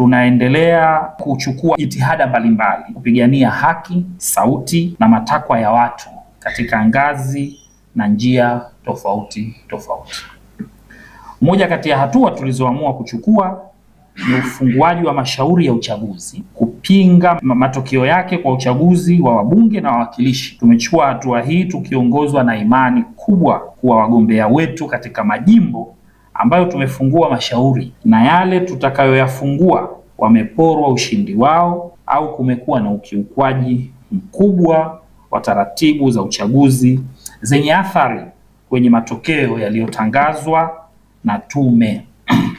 tunaendelea kuchukua jitihada mbalimbali kupigania haki, sauti na matakwa ya watu katika ngazi na njia tofauti tofauti. Moja kati ya hatua tulizoamua kuchukua ni ufunguaji wa mashauri ya uchaguzi kupinga matokeo yake kwa uchaguzi wa wabunge na wawakilishi. Tumechukua hatua hii tukiongozwa na imani kubwa kuwa wagombea wetu katika majimbo ambayo tumefungua mashauri na yale tutakayoyafungua wameporwa ushindi wao au kumekuwa na ukiukwaji mkubwa wa taratibu za uchaguzi zenye athari kwenye matokeo yaliyotangazwa na tume.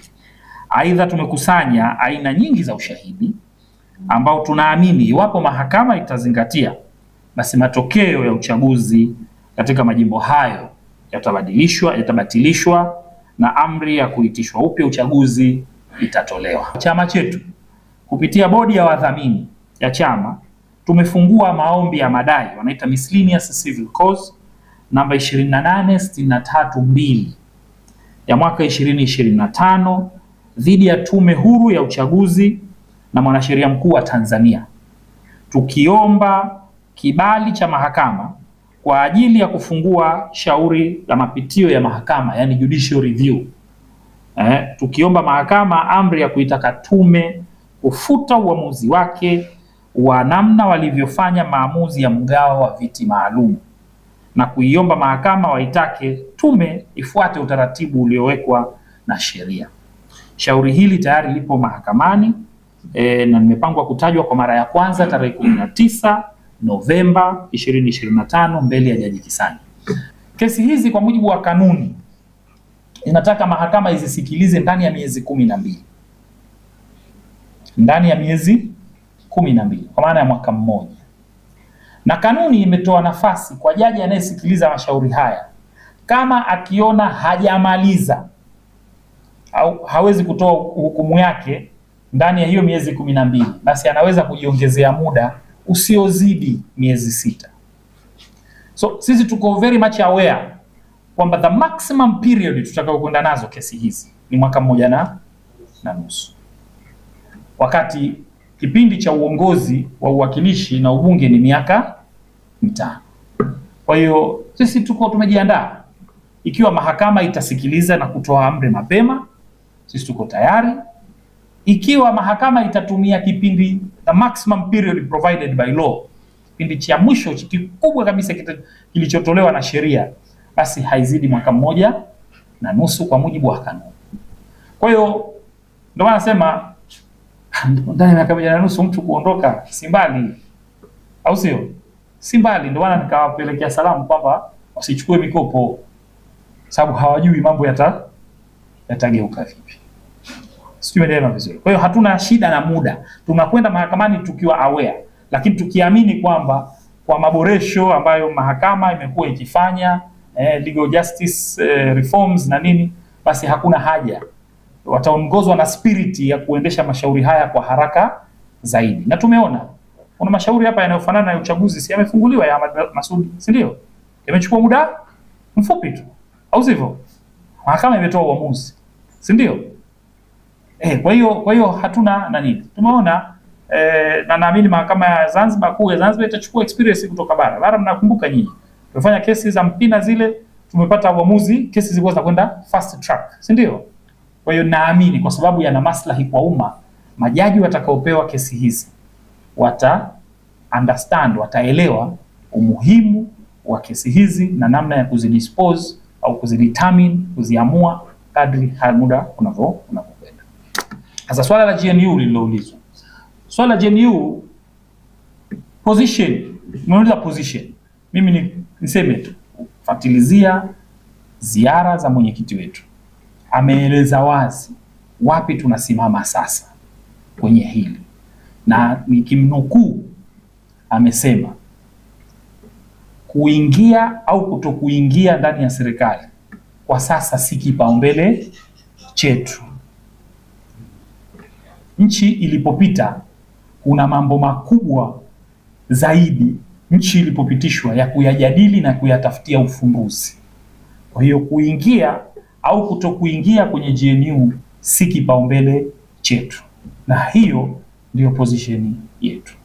Aidha, tumekusanya aina nyingi za ushahidi ambao tunaamini iwapo mahakama itazingatia, basi matokeo ya uchaguzi katika majimbo hayo yatabadilishwa, yatabatilishwa na amri ya kuitishwa upya uchaguzi itatolewa. Chama chetu kupitia bodi ya wadhamini ya chama tumefungua maombi ya madai wanaita miscellaneous civil cause namba 28632 ya mwaka 2025 dhidi ya Tume Huru ya Uchaguzi na Mwanasheria Mkuu wa Tanzania tukiomba kibali cha mahakama kwa ajili ya kufungua shauri la mapitio ya mahakama, yani judicial review. Eh, tukiomba mahakama amri ya kuitaka tume kufuta uamuzi wake wa namna walivyofanya maamuzi ya mgao wa viti maalum na kuiomba mahakama waitake tume ifuate utaratibu uliowekwa na sheria. Shauri hili tayari lipo mahakamani e, na nimepangwa kutajwa kwa mara ya kwanza tarehe kumi na tisa Novemba 2025 mbele ya Jaji Kisani. Kesi hizi kwa mujibu wa kanuni inataka mahakama izisikilize ndani ya miezi kumi na mbili ndani ya miezi kumi na mbili kwa maana ya mwaka mmoja, na kanuni imetoa nafasi kwa jaji anayesikiliza mashauri haya kama akiona hajamaliza au hawezi kutoa hukumu yake ndani ya hiyo miezi kumi na mbili, basi anaweza kujiongezea muda usiozidi miezi sita. So sisi tuko very much aware kwamba the maximum period tutakayokwenda nazo kesi hizi ni mwaka mmoja na na nusu, wakati kipindi cha uongozi wa uwakilishi na ubunge ni miaka mitano. Kwa hiyo sisi tuko tumejiandaa, ikiwa mahakama itasikiliza na kutoa amri mapema, sisi tuko tayari ikiwa mahakama itatumia kipindi the maximum period provided by law, kipindi cha mwisho kikubwa kabisa kilichotolewa na sheria, basi haizidi mwaka mmoja na nusu kwa mujibu wa kanuni. Kwa hiyo ndio maana nasema ndani ya miaka moja na nusu mtu kuondoka si mbali, au sio? Si mbali. Ndio maana nikawapelekea salamu kwamba wasichukue mikopo, sababu hawajui mambo yata yatageuka vipi. Sijui vizuri. Kwa hiyo hatuna shida na muda, tunakwenda mahakamani tukiwa aware, lakini tukiamini kwamba kwa maboresho ambayo mahakama imekuwa ikifanya eh, legal justice eh, reforms na nini, basi hakuna haja, wataongozwa na spirit ya kuendesha mashauri haya kwa haraka zaidi, na tumeona kuna mashauri hapa yanayofanana na uchaguzi si yamefunguliwa ya Ahmad Masudi, si ndio? Yamechukua muda mfupi tu, au sivyo? Mahakama imetoa uamuzi, si ndio? Eh, kwa hiyo kwa hiyo hatuna nani, tumeona eh, na naamini mahakama ya Zanzibar kuu ya Zanzibar itachukua experience kutoka bara. Bara mnakumbuka nyinyi tumefanya kesi za Mpina zile, tumepata uamuzi, kesi zilikuwa zinakwenda fast track, si ndio? Kwa hiyo naamini kwa sababu yana maslahi kwa umma, majaji watakaopewa kesi hizi wata understand, wataelewa umuhimu wa kesi hizi na namna ya kuzidispose au kuzidetermine, kuziamua kadri muda unavyo sasa swala la GNU lililoulizwa, swala la GNU position, umeuliza position, mimi ni niseme tu fatilizia ziara za mwenyekiti wetu, ameeleza wazi wapi tunasimama sasa kwenye hili, na nikimnukuu amesema kuingia au kutokuingia ndani ya serikali kwa sasa si kipaumbele chetu nchi ilipopita kuna mambo makubwa zaidi nchi ilipopitishwa ya kuyajadili na kuyatafutia ufumbuzi. Kwa hiyo kuingia au kutokuingia kwenye GNU si kipaumbele chetu, na hiyo ndiyo position yetu.